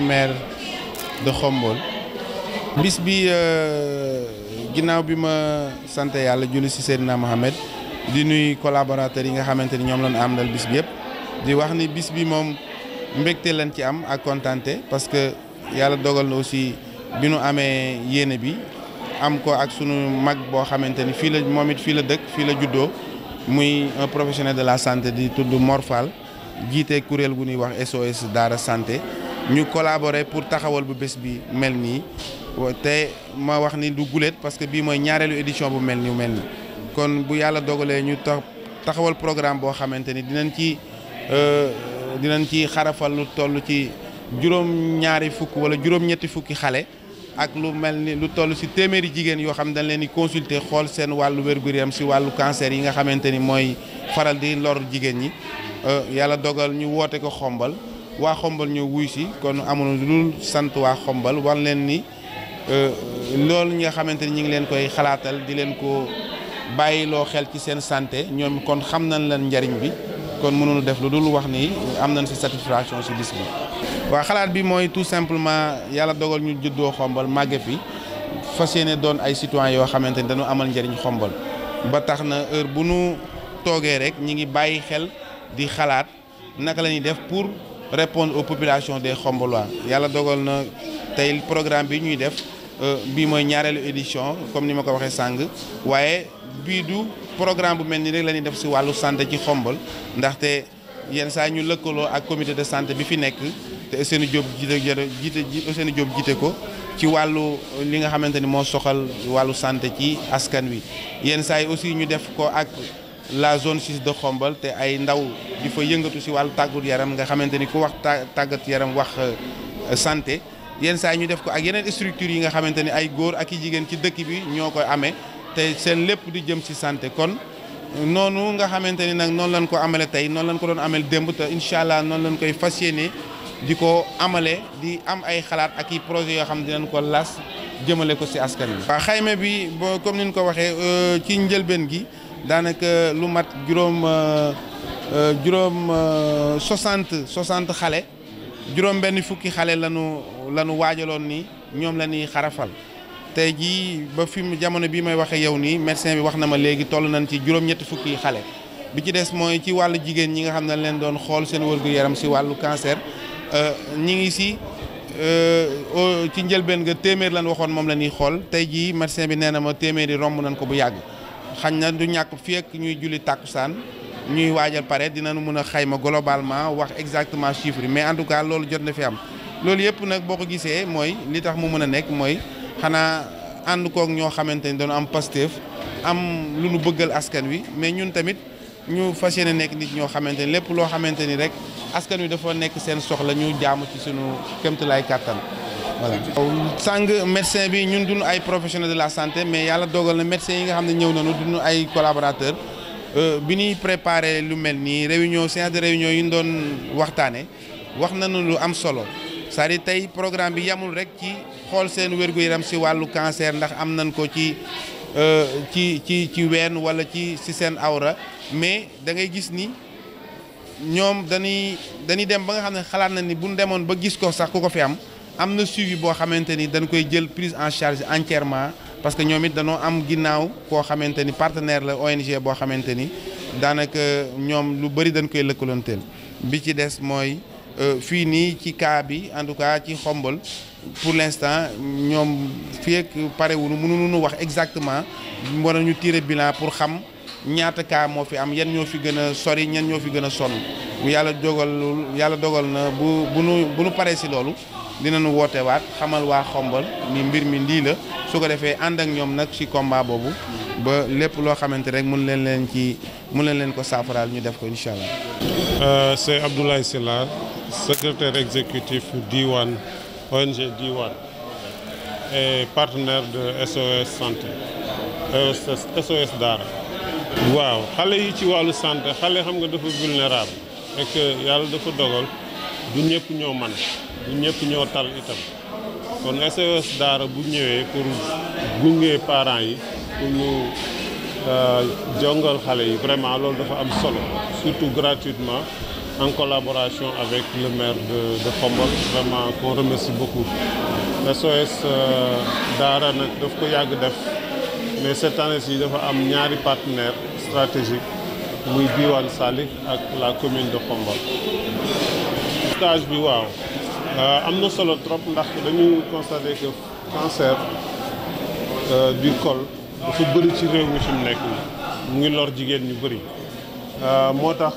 ancien maire de Khombole bis bi euh, ginnaaw bi ma sant yàlla julli ci Seydina Mohamed di nuy collaborateurs yi nga xamante ni ñoom lañu àndal bis bi yëpp di wax ni bis bi moom mbégte lañ ci am ak kontaante parce que yàlla dogal na aussi bi nu amee yéene bi am ko ak sunu mag boo xamante ni fii la moom it fii la dëkk fii la juddoo muy un professionnel de la santé di tudd Mor jiite kuréel gu ñuy wax SOS Daara Santé ñu collaborer pour taxawal bu bés bi mel nii te ma wax ni du guléet parce que bii mooy ñaareelu édition bu mel nii mel nii kon bu yàlla dogalee ñu tax taxawal programme boo xamante ni dinañ ci euh, dinañ ci xarafal lu toll ci juróom-ñaari fukk wala juróom-ñetti fukki xale ak lu mel ni lu toll si téeméeri jigéen yoo xam dañ leen di consulter xool seen wàllu wér gu si wàllu cancer yi nga xamante ni mooy faral di lor jigéen ñi euh, yàlla dogal ñu woote ko xombal waa xombal ñoo wuy si kon amoon lu sant waa xombal wan leen ni euh, loolu nga xamante ni ñu ngi leen koy xalaatal di leen ko bàyyi loo xel ci seen sante ñoom kon xam nañ leen njariñ bi kon mënul def lu dul wax ni am nañ si satisfaction si bis bi. waa xalaat bi mooy tout simplement yàlla dogal ñu juddoo xombal màgge fi fas yéene doon ay citoyens yoo xamante ni dañu amal njariñ xombal ba tax na heure bu nu toogee rek ñi ngi bàyyi xel di xalaat naka la ñuy def pour. répondre population populations des Xombolois yàlla dogal na tey programme bi ñuy def euh, bii mooy ñaareelu édition comme ni ma ko waxee sàng waaye bii du programme bu mel ni rek la ñuy def si wàllu santé ci xombal ndaxte yenn saa ñu lëkkaloo ak comité de santé bi fi nekk te Ousseynou Diop jiite jiite Ousseynou Diop jiite ko ci wàllu li nga xamante ni moo soxal wàllu santé ci askan wi yenn saa yi aussi ñu def ko ak la zone 6 de Xombal te ay ndaw di fa yëngatu si wàllu tàggat yaram nga xamante ni ku wax tàggat yaram wax euh, santé yenn saa ñu def ko ak yeneen structures yi nga xamante ni ay góor ak i jigéen ci dëkk bi ñoo koy amee te seen lépp di jëm si santé kon noonu nga xamante ni nag noonu lañ ko amale tey noonu lañ ko doon amel démb te incha noonu lañ koy fas yéene di ko amale di am ay xalaat ak i projet yoo xam ne dinañ ko las jëmale ko si askan wi. waaw xayma bi comme ni ñu ko waxee euh, ci njëlbeen gi. daanaka lu mat juróom euh, euh, juróom euh, soixante soixante xale juróom benn fukki xale lanu lanu waajaloon ni ñoom la ñuy xarafal tey jii ba fi mu jamono bii may waxee yow nii médecin bi wax na ma léegi toll nañ ci juróom-ñetti fukki xale bi ci des mooy ci wàllu jigéen ñi nga xam ne leen doon xool seen wërgu-yaram si wàllu cancer ñi ngi si ci njëlbeen nga téeméer lan waxoon moom la ñuy xool tey jii médecin bi nee na ma téeméeri romb nañ ko bu yàgg xañ na du ñàkk fii ak ñuy julli tàkkusaan ñuy waajal pare dina dinañu mën a xayma globalement wax exactement chiffre mais en tout cas loolu jot na fi am loolu yëpp nag boo ko gisee mooy li tax mu mën a nekk mooy xanaa ànd kook ñoo xamante ni dañu am Pastef am lu nu bëggal askan wi mais ñun tamit ñu fas yéene nekk nit ñoo xamante ni lépp loo xamante ni rek askan wi dafa nekk seen soxla ñu jaamu ci sunu kéemtalaay kàttan voilà. sàng médecin bi ñun duñu ay professionnel de la santé mais yàlla dogal na médecin yi nga xam ne ñëw nañu duñu ay collaborateur euh, bi ñuy préparé lu mel nii réunion séance de réunion yu ñu doon waxtaanee wax nañu lu am solo cest à tey programme bi yamul rek ci xool seen wér-gu-yaram si wàllu cancer ndax am nañ ko ci euh, ci ci ci ween wala ci si seen awra mais da ngay gis ni ñoom dañuy dañuy dem ba nga xam ne xalaat na ni bu ñu demoon ba gis ko sax ku ko fi am am na suivi boo xamante ni dañ koy jël prise en charge entièrement parce que ñoom it dañoo am ginnaaw koo xamante ni partenaire la ONG boo xamante ni daanaka ñoom lu bëri dañ koy lëkkaloonteel bi ci des mooy euh, fii nii ci kaa bi en tout cas ci xombal pour l'instant ñoom fii ak pare wuñu mënuñu wax exactement war ñu tirer bilan pour xam ñaata cas moo fi am yan ñoo fi gën a sori ñan ñoo fi gën a sonn yàlla dogal yàlla dogal na bu bu nu bu nu paree si loolu. nu woote waat xamal waa xombal ni mbir mi lii la su ko defee ànd ak ñoom nag ci combat boobu ba lépp loo xamante rek mun leen leen ci mun leen leen ko saafaraal ñu def ko incha allah. Euh, c'est Abdoulaye Sylla secrétaire exécutif Diwane ONG Diwane et partenaire de SOS santé SOS SOS Daara. waaw xale yi ci wàllu santé xale xam nga dafa vulnérable et que yàlla dafa dogal. du ñëpp ñoo man du ñëpp ñoo tal itam kon SOS e daara bu ñëwee pour gunge parents yi pour ñu euh, jongal xale yi vraiment loolu dafa am solo surtout gratuitement en collaboration avec le maire de de Khombole vraiment qu'on remercie beaucoup SOS e euh, daara nag daf ko yàgg def mais cette année ci dafa am ñaari partenaire stratégique muy Diwane Salik ak la commune de Khombole stage bi waaw euh, am na solo trop ndax dañuy constaté que cancer euh, du col dafa bëri ci réew mi fi mu nekk mu ngi lor jigéen ñu bëri euh, moo tax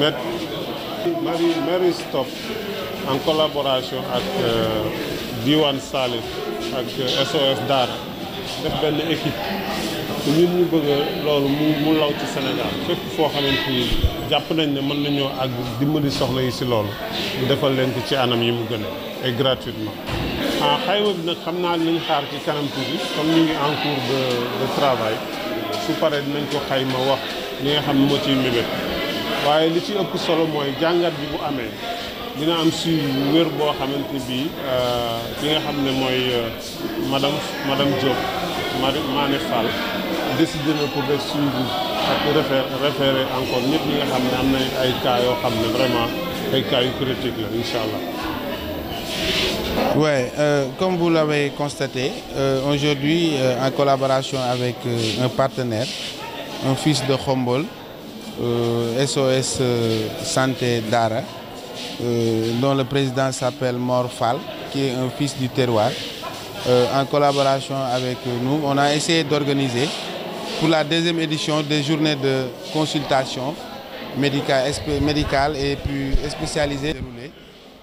met Marie Marie Stop en collaboration ak Diwan Salif ak SOS Daara def benn équipe ñun ñu bëgg loolu mu mu law ci Sénégal fépp foo xamante ni jàpp nañ ne mën nañoo ak dimbali soxla yi si loolu defal leen ko ci anam yi mu gën a et gratuitement. ah xayma xam naa nañ xaar ci kanam tuuti comme ñu ngi en cours de travail su paree dinañ ko xayma wax li nga xam ne moo ciy mébét waaye li ci ëpp solo mooy jàngat bi bu amee dina am si wér boo xamante bi euh, ki nga xam ne mooy euh, madam madame Diop. Mané Fall décidé na pour def suivi ak encore ñëpp ñi nga xam ne am ay cas yoo ay cas critique la incha allah. Ouais, euh, comme vous l'avez constaté, euh, aujourd'hui, euh, en collaboration avec euh, un partenaire, un fils de Khombol, SOS euh, euh, Santé Dara, dont le président s'appelle Morfal, qui est un fils du terroir, Euh, en collaboration avec nous, on a essayé d'organiser pour la deuxième édition des journées de consultation médicale, médicale et puis spécialisée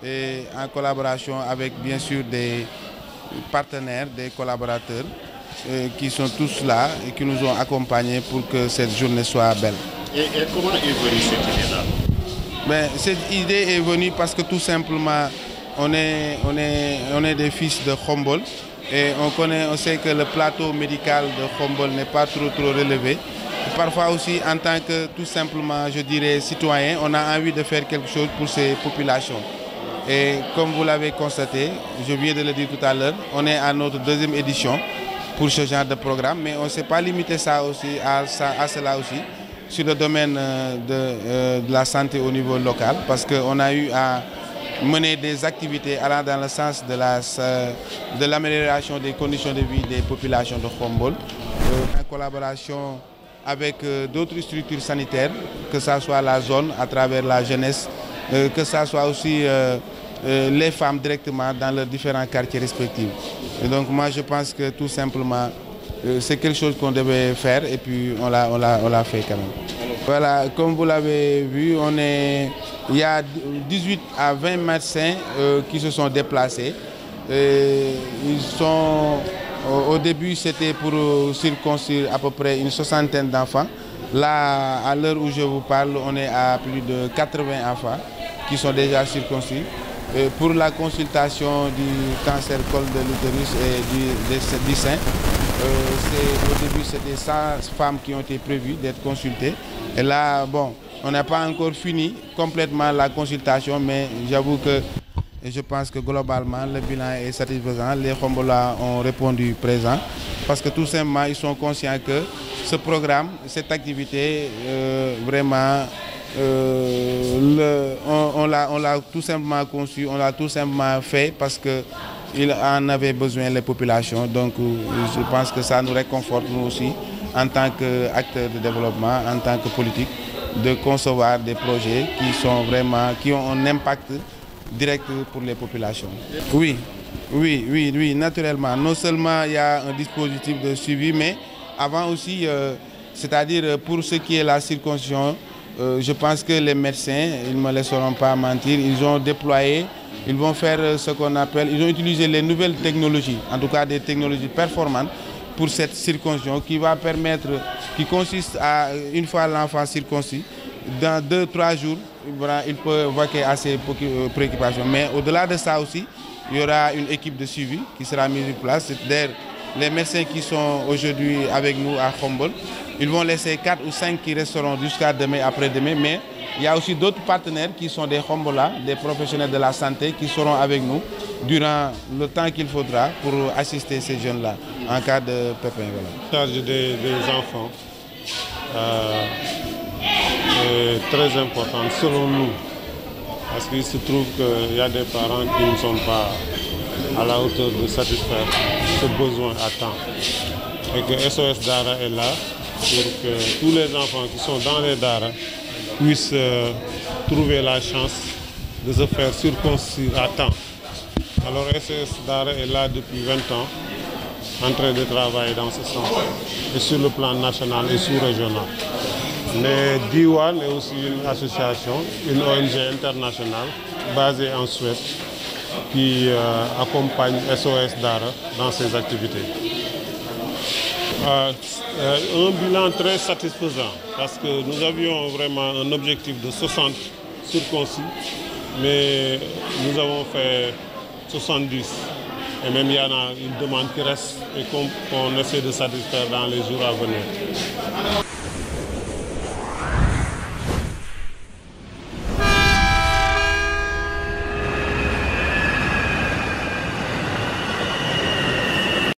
et en collaboration avec bien sûr des partenaires, des collaborateurs euh, qui sont tous là et qui nous ont accompagnés pour que cette journée soit belle. Et, et est venue cette idée-là est venue parce que tout simplement, on est, on des fils de Humboldt Et on connaît, on sait que le plateau médical de Khombol n'est pas trop trop relevé. parfois aussi, en tant que tout simplement, je dirais, citoyen, on a envie de faire quelque chose pour ces populations. Et comme vous l'avez constaté, je viens de le dire tout à l'heure, on est à notre deuxième édition pour ce genre de programme, mais on ne s'est pas limité ça aussi, à, ça, à cela sur le domaine euh, de, euh, de, la santé au niveau local parce qu'on a eu mener des activités allant dans le sens de la euh, de l'amélioration des conditions de vie des populations de Khombole euh, en collaboration avec euh, d'autres structures sanitaires que ça soit la zone à travers la jeunesse euh, que ça soit aussi euh, euh, les femmes directement dans leurs différents quartiers respectifs. Et donc moi je pense que tout simplement c'est quelque chose qu'on devait faire et puis on l'a l'a fait comme vous l'avez vu, on est Il y a à 20 médecins euh, qui se sont déplacés. Et ils sont, euh, au pour euh, circoncire à près une soixantaine d'enfants. Là, à l'heure où je vous on à plus de 80 enfants qui sont déjà circoncis. Et pour la consultation du cancer col de l'utérus et du, du sein, euh, au début, c'était 100 femmes qui ont été prévues d'être Et là, bon, on n'a pas encore fini complètement la consultation, mais j'avoue que je pense que globalement, le bilan est satisfaisant. Les Khombola ont répondu présent parce que tout simplement, ils sont conscients que ce programme, cette activité, euh, vraiment, euh, le, on, on l'a tout simplement conçu, on l'a tout simplement fait parce que il en avait besoin les populations. Donc je pense que ça nous réconforte nous aussi en tant qu'acteurs de développement, en tant que politique. de concevoir des projets qui sont vraiment qui ont un impact direct pour les populations. Oui, oui, oui, oui, naturellement. Non seulement il y a un dispositif de suivi, mais avant aussi, euh, c'est-à-dire euh, pour ce qui est la circoncision, euh, je pense que les médecins, ils ne me laisseront pas mentir, ils ont déployé, ils vont faire euh, ce qu'on appelle, ils ont utilisé les nouvelles technologies, en tout cas des technologies performantes pour cette circoncision qui va permettre, qui consiste à, une fois l'enfant circoncis, dans deux, trois jours, il peut vaquer à ses euh, préoccupations. Mais au-delà de ça aussi, il y aura une équipe de suivi qui sera mise en place. C'est-à-dire les médecins qui sont aujourd'hui avec nous à Humboldt, ils vont laisser quatre ou cinq qui resteront jusqu'à demain, après-demain. Mais il y a aussi d'autres partenaires qui sont des Humbolas, des professionnels de la santé qui seront avec nous durant le temps qu'il faudra pour assister ces jeunes-là. en cas de pépin voilà. La charge des, enfants euh, très importante selon nous parce qu'il se trouve qu'il y a des parents qui ne sont pas à la hauteur de satisfaire ce besoin à temps. Et que SOS Dara est là puissent euh, trouver la chance de se faire circoncire à temps. Alors SOS Dara est là depuis 20 ans en train de travailler sur le plan national et sous-régional. Mais Diwan est aussi une association, une ONG internationale basée en Suède qui euh, euh, euh parce que nous avions vraiment un de 60 circoncis, mais nous avons Et même il y en a une demande qui reste et qu'on qu essaie de satisfaire dans les jours à venir.